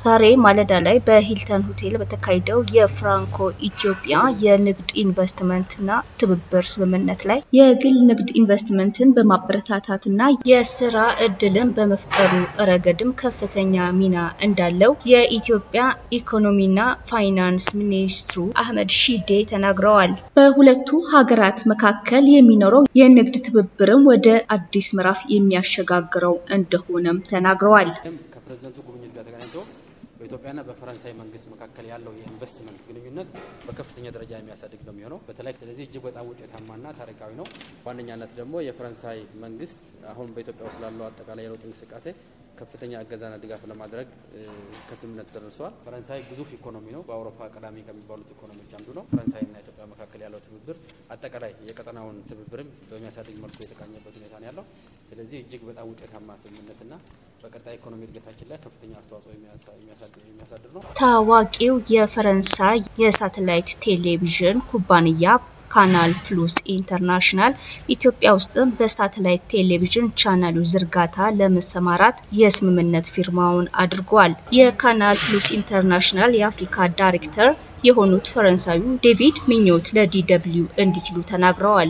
ዛሬ ማለዳ ላይ በሂልተን ሆቴል በተካሄደው የፍራንኮ ኢትዮጵያ የንግድ ኢንቨስትመንትና ትብብር ስምምነት ላይ የግል ንግድ ኢንቨስትመንትን በማበረታታትና የስራ እድልን በመፍጠሩ ረገድም ከፍተኛ ሚና እንዳለው የኢትዮጵያ ኢኮኖሚና ፋይናንስ ሚኒስትሩ አህመድ ሺዴ ተናግረዋል። በሁለቱ ሀገራት መካከል የሚኖረው የንግድ ትብብርም ወደ አዲስ ምዕራፍ የሚያሸጋግረው እንደሆነም ተናግረዋል። ከፕሬዚደንቱ ጉብኝት ጋር ተገናኝቶ በኢትዮጵያና በፈረንሳይ መንግስት መካከል ያለው የኢንቨስትመንት ግንኙነት በከፍተኛ ደረጃ የሚያሳድግ ነው የሚሆነው። በተለይ ስለዚህ እጅግ በጣም ውጤታማና ታሪካዊ ነው። ዋነኛነት ደግሞ የፈረንሳይ መንግስት አሁን በኢትዮጵያ ውስጥ ላለው አጠቃላይ የለውጥ እንቅስቃሴ ከፍተኛ እገዛና ድጋፍ ለማድረግ ከስምምነት ደርሷል። ፈረንሳይ ግዙፍ ኢኮኖሚ ነው። በአውሮፓ ቀዳሚ ከሚባሉት ኢኮኖሚዎች አንዱ ነው። ፈረንሳይና ኢትዮጵያ መካከል ያለው ትብብር አጠቃላይ የቀጠናውን ትብብርም በሚያሳድግ መልኩ የተቃኘበት ሁኔታ ነው ያለው። ስለዚህ እጅግ በጣም ውጤታማ ስምምነትና በቀጣይ ኢኮኖሚ እድገታችን ላይ ከፍተኛ አስተዋጽኦ የሚያሳድር ነው። ታዋቂው የፈረንሳይ የሳተላይት ቴሌቪዥን ኩባንያ ካናል ፕሉስ ኢንተርናሽናል ኢትዮጵያ ውስጥም በሳተላይት ቴሌቪዥን ቻናሉ ዝርጋታ ለመሰማራት የስምምነት ፊርማውን አድርጓል። የካናል ፕሉስ ኢንተርናሽናል የአፍሪካ ዳይሬክተር የሆኑት ፈረንሳዩ ዴቪድ ሚኞት ለዲደብሊው እንዲህ ሲሉ ተናግረዋል።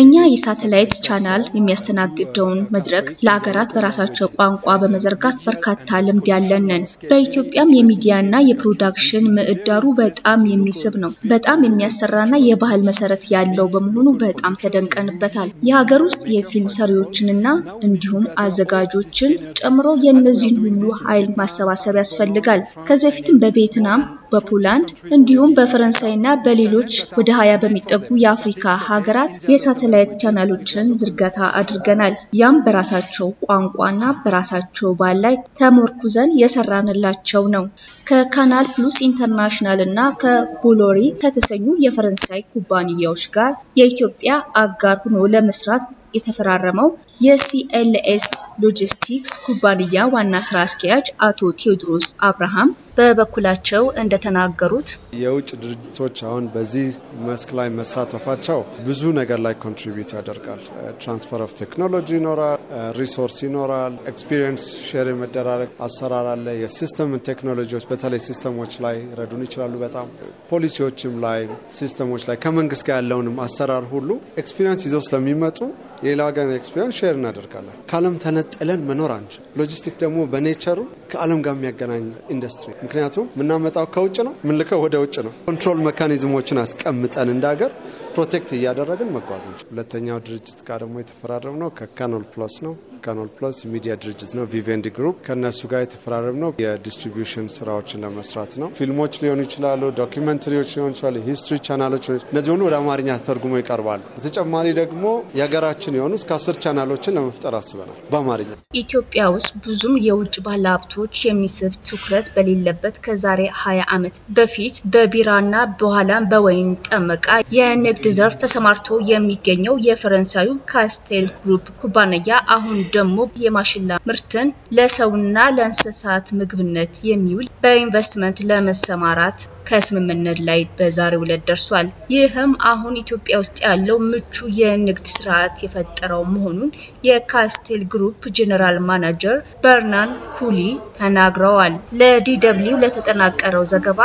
እኛ የሳተላይት ቻናል የሚያስተናግደውን መድረክ ለአገራት በራሳቸው ቋንቋ በመዘርጋት በርካታ ልምድ ያለንን። በኢትዮጵያም የሚዲያና የፕሮዳክሽን ምዕዳሩ በጣም የሚስብ ነው። በጣም የሚያሰራና የባህል መሰረት ያለው በመሆኑ በጣም ተደንቀንበታል። የሀገር ውስጥ የፊልም ሰሪዎችንና እንዲሁም አዘጋጆችን ጨምሮ የእነዚህን ሁሉ ኃይል ማሰባሰብ ያስፈልጋል። ያስፈልጋል። ከዚህ በፊትም በቪየትናም፣ በፖላንድ እንዲሁም በፈረንሳይና በሌሎች ወደ ሀያ በሚጠጉ የአፍሪካ ሀገራት የሳተላይት ቻናሎችን ዝርጋታ አድርገናል። ያም በራሳቸው ቋንቋና በራሳቸው ባህል ላይ ተሞርኩዘን የሰራንላቸው ነው። ከካናል ፕሉስ ኢንተርናሽናል እና ከቦሎሪ ከተሰኙ የፈረንሳይ ኩባንያዎች ጋር የኢትዮጵያ አጋር ሆኖ ለመስራት የተፈራረመው የሲኤልኤስ ሎጂስቲክስ ኩባንያ ዋና ስራ አስኪያጅ አቶ ቴዎድሮስ አብርሃም በበኩላቸው እንደተናገሩት የውጭ ድርጅቶች አሁን በዚህ መስክ ላይ መሳተፋቸው ብዙ ነገር ላይ ኮንትሪቢዩት ያደርጋል። ትራንስፈር ኦፍ ቴክኖሎጂ ይኖራል፣ ሪሶርስ uh, ይኖራል፣ ኤክስፒሪየንስ ሼር የመደራረግ አሰራር አለ። የሲስተም ቴክኖሎጂዎች በተለይ ሲስተሞች ላይ ረዱን ይችላሉ። በጣም ፖሊሲዎችም ላይ ሲስተሞች ላይ ከመንግስት ጋር ያለውንም አሰራር ሁሉ ኤክስፒሪየንስ ይዘው ስለሚመጡ ሌላ ሀገር ኤክስፒሪንስ ሼር እናደርጋለን። ከዓለም ተነጠለን መኖር አንችል። ሎጂስቲክ ደግሞ በኔቸሩ ከዓለም ጋር የሚያገናኝ ኢንዱስትሪ ምክንያቱም የምናመጣው ከውጭ ነው፣ የምንልከው ወደ ውጭ ነው። ኮንትሮል መካኒዝሞችን አስቀምጠን እንደ ሀገር ፕሮቴክት እያደረግን መጓዝ ነው። ሁለተኛው ድርጅት ጋር ደግሞ የተፈራረም ነው ከካኖል ፕሎስ ነው። ካኖል ፕሎስ ሚዲያ ድርጅት ነው። ቪቬንድ ግሩፕ ከእነሱ ጋር የተፈራረም ነው የዲስትሪቢሽን ስራዎችን ለመስራት ነው። ፊልሞች ሊሆኑ ይችላሉ፣ ዶኪመንተሪዎች ሊሆኑ ይችላሉ፣ ሂስትሪ ቻናሎች፣ እነዚህ ሁሉ ወደ አማርኛ ተርጉሞ ይቀርባሉ። በተጨማሪ ደግሞ የሀገራችን የሆኑ እስከ አስር ቻናሎችን ለመፍጠር አስበናል በአማርኛ። ኢትዮጵያ ውስጥ ብዙም የውጭ ባለሀብቶች የሚስብ ትኩረት በሌለበት ከዛሬ ሀያ ዓመት በፊት በቢራና በኋላም በወይን ጠመቃ የንግድ በንግድ ዘርፍ ተሰማርቶ የሚገኘው የፈረንሳዩ ካስቴል ግሩፕ ኩባንያ አሁን ደግሞ የማሽላ ምርትን ለሰውና ለእንስሳት ምግብነት የሚውል በኢንቨስትመንት ለመሰማራት ከስምምነት ላይ በዛሬው ዕለት ደርሷል። ይህም አሁን ኢትዮጵያ ውስጥ ያለው ምቹ የንግድ ስርዓት የፈጠረው መሆኑን የካስቴል ግሩፕ ጄኔራል ማናጀር በርናን ኩሊ ተናግረዋል። ለዲ ደብልዩ ለተጠናቀረው ዘገባ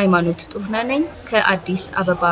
ሃይማኖት ጥሩነህ ነኝ ከአዲስ አበባ